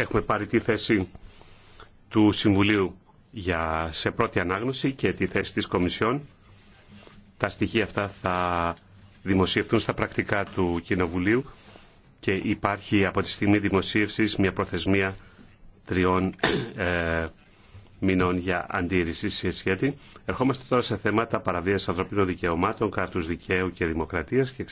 Έχουμε πάρει τη θέση του Συμβουλίου για, σε πρώτη ανάγνωση και τη θέση της Κομισιόν. Τα στοιχεία αυτά θα δημοσιευτούν στα πρακτικά του Κοινοβουλίου και υπάρχει από τη στιγμή δημοσίευσης μια προθεσμία τριών ε, μηνών για αντίρρηση σε σχέτη. Ερχόμαστε τώρα σε θέματα παραβίαση ανθρωπίνων δικαιωμάτων, κράτου δικαίου και δημοκρατίας